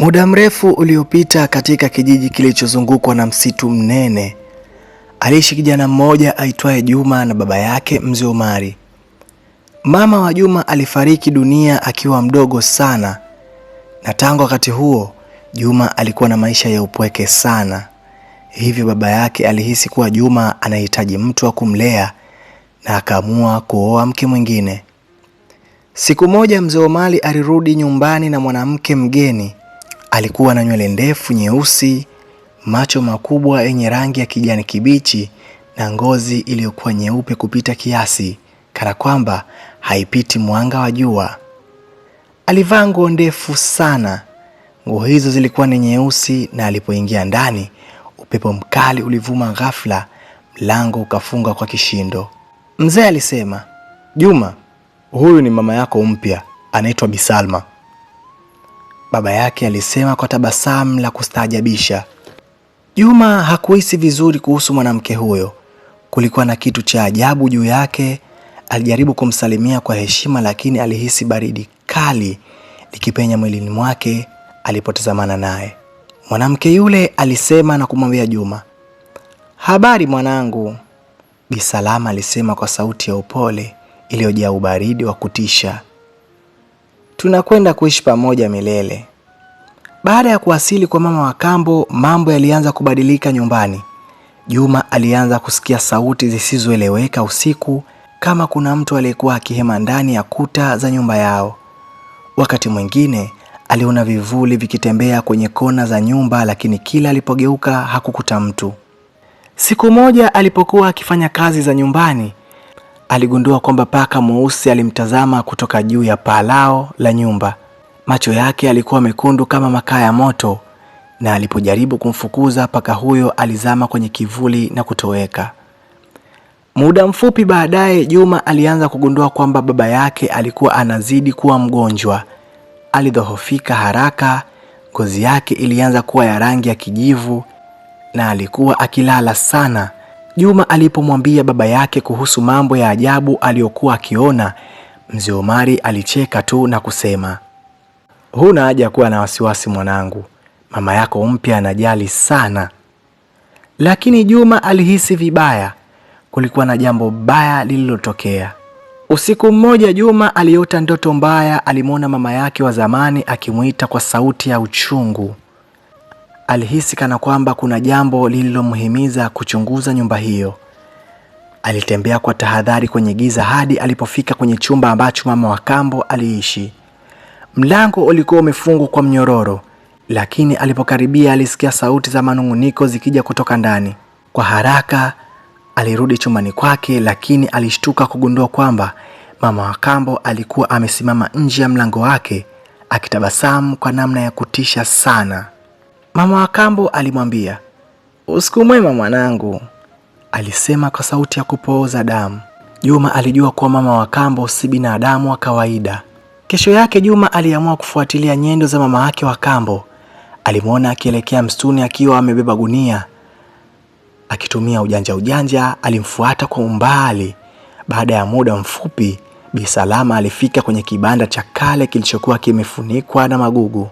Muda mrefu uliopita katika kijiji kilichozungukwa na msitu mnene, aliishi kijana mmoja aitwaye Juma na baba yake mzee Omari. Mama wa Juma alifariki dunia akiwa mdogo sana, na tangu wakati huo Juma alikuwa na maisha ya upweke sana, hivyo baba yake alihisi kuwa Juma anahitaji mtu wa kumlea na akaamua kuoa mke mwingine. Siku moja mzee Omari alirudi nyumbani na mwanamke mgeni Alikuwa na nywele ndefu nyeusi, macho makubwa yenye rangi ya kijani kibichi na ngozi iliyokuwa nyeupe kupita kiasi, kana kwamba haipiti mwanga wa jua. Alivaa nguo ndefu sana. Nguo hizo zilikuwa ni nyeusi, na alipoingia ndani, upepo mkali ulivuma ghafla, mlango ukafunga kwa kishindo. Mzee alisema, Juma, huyu ni mama yako mpya, anaitwa Bisalma baba yake alisema kwa tabasamu la kustaajabisha. Juma hakuhisi vizuri kuhusu mwanamke huyo, kulikuwa na kitu cha ajabu juu yake. Alijaribu kumsalimia kwa heshima, lakini alihisi baridi kali likipenya mwilini mwake alipotazamana naye. Mwanamke yule alisema na kumwambia Juma, habari mwanangu. Bi Salama alisema kwa sauti ya upole iliyojaa ubaridi wa kutisha tunakwenda kuishi pamoja milele. Baada ya kuwasili kwa mama wa kambo, mambo yalianza kubadilika nyumbani. Juma alianza kusikia sauti zisizoeleweka usiku, kama kuna mtu aliyekuwa akihema ndani ya kuta za nyumba yao. Wakati mwingine aliona vivuli vikitembea kwenye kona za nyumba, lakini kila alipogeuka hakukuta mtu. Siku moja alipokuwa akifanya kazi za nyumbani, aligundua kwamba paka mweusi alimtazama kutoka juu ya paa lao la nyumba. Macho yake yalikuwa mekundu kama makaa ya moto, na alipojaribu kumfukuza paka huyo alizama kwenye kivuli na kutoweka. Muda mfupi baadaye, Juma alianza kugundua kwamba baba yake alikuwa anazidi kuwa mgonjwa. Alidhoofika haraka, ngozi yake ilianza kuwa ya rangi ya kijivu na alikuwa akilala sana. Juma alipomwambia baba yake kuhusu mambo ya ajabu aliyokuwa akiona, mzee Omari alicheka tu na kusema, huna haja kuwa na wasiwasi mwanangu, mama yako mpya anajali sana. Lakini Juma alihisi vibaya, kulikuwa na jambo baya lililotokea. Usiku mmoja Juma aliota ndoto mbaya, alimwona mama yake wa zamani akimwita kwa sauti ya uchungu. Alihisi kana kwamba kuna jambo lililomhimiza kuchunguza nyumba hiyo. Alitembea kwa tahadhari kwenye giza hadi alipofika kwenye chumba ambacho mama wa kambo aliishi. Mlango ulikuwa umefungwa kwa mnyororo, lakini alipokaribia alisikia sauti za manung'uniko zikija kutoka ndani. Kwa haraka alirudi chumbani kwake, lakini alishtuka kugundua kwamba mama wa kambo alikuwa amesimama nje ya mlango wake akitabasamu kwa namna ya kutisha sana. Mama wa kambo alimwambia, usiku mwema mwanangu, alisema kwa sauti ya kupooza damu. Juma alijua kuwa mama wa kambo si binadamu wa kawaida. Kesho yake Juma aliamua kufuatilia nyendo za mama yake wa kambo. Alimwona akielekea msituni akiwa amebeba gunia. Akitumia ujanja ujanja alimfuata kwa umbali. Baada ya muda mfupi, Bi Salama alifika kwenye kibanda cha kale kilichokuwa kimefunikwa na magugu.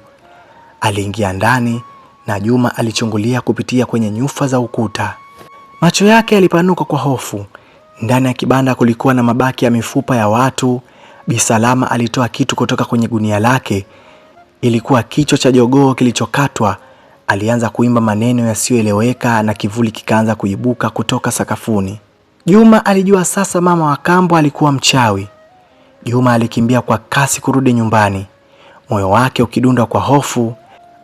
Aliingia ndani na Juma alichungulia kupitia kwenye nyufa za ukuta. Macho yake yalipanuka kwa hofu. Ndani ya kibanda kulikuwa na mabaki ya mifupa ya watu. Bisalama alitoa kitu kutoka kwenye gunia lake. Ilikuwa kichwa cha jogoo kilichokatwa. Alianza kuimba maneno yasiyoeleweka na kivuli kikaanza kuibuka kutoka sakafuni. Juma alijua sasa mama wa kambo alikuwa mchawi. Juma alikimbia kwa kasi kurudi nyumbani, moyo wake ukidunda kwa hofu.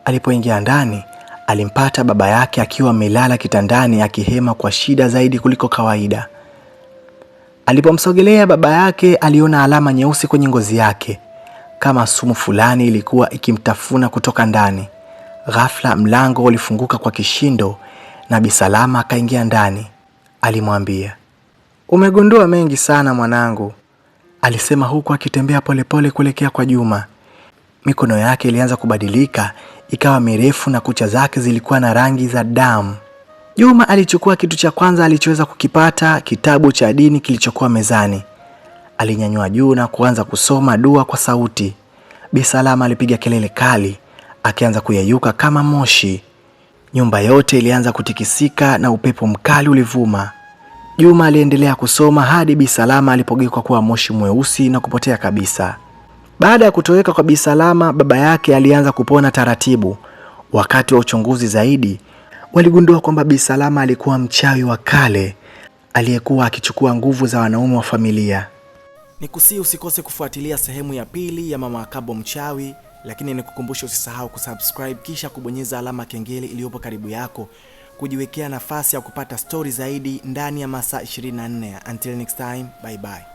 Alipoingia ndani, alimpata baba yake akiwa amelala kitandani akihema kwa shida zaidi kuliko kawaida. Alipomsogelea baba yake, aliona alama nyeusi kwenye ngozi yake kama sumu fulani ilikuwa ikimtafuna kutoka ndani. Ghafla mlango ulifunguka kwa kishindo na Bisalama akaingia ndani. Alimwambia, umegundua mengi sana mwanangu, alisema huku akitembea polepole kuelekea kwa Juma. Mikono yake ilianza kubadilika, ikawa mirefu na kucha zake zilikuwa na rangi za damu. Juma alichukua kitu cha kwanza alichoweza kukipata, kitabu cha dini kilichokuwa mezani. Alinyanyua juu na kuanza kusoma dua kwa sauti. Bi Salama alipiga kelele kali, akianza kuyeyuka kama moshi. Nyumba yote ilianza kutikisika na upepo mkali ulivuma. Juma aliendelea kusoma hadi Bi Salama alipogeuka kuwa moshi mweusi na kupotea kabisa. Baada ya kutoweka kwa Bi Salama, baba yake alianza kupona taratibu. Wakati wa uchunguzi zaidi, waligundua kwamba Bi Salama alikuwa mchawi wa kale aliyekuwa akichukua nguvu za wanaume wa familia. Nikusii usikose kufuatilia sehemu ya pili ya Mama Kabo Mchawi, lakini nikukumbusha usisahau kusubscribe kisha kubonyeza alama kengele iliyopo karibu yako kujiwekea nafasi ya kupata stori zaidi ndani ya masaa 24. Until next time, bye bye.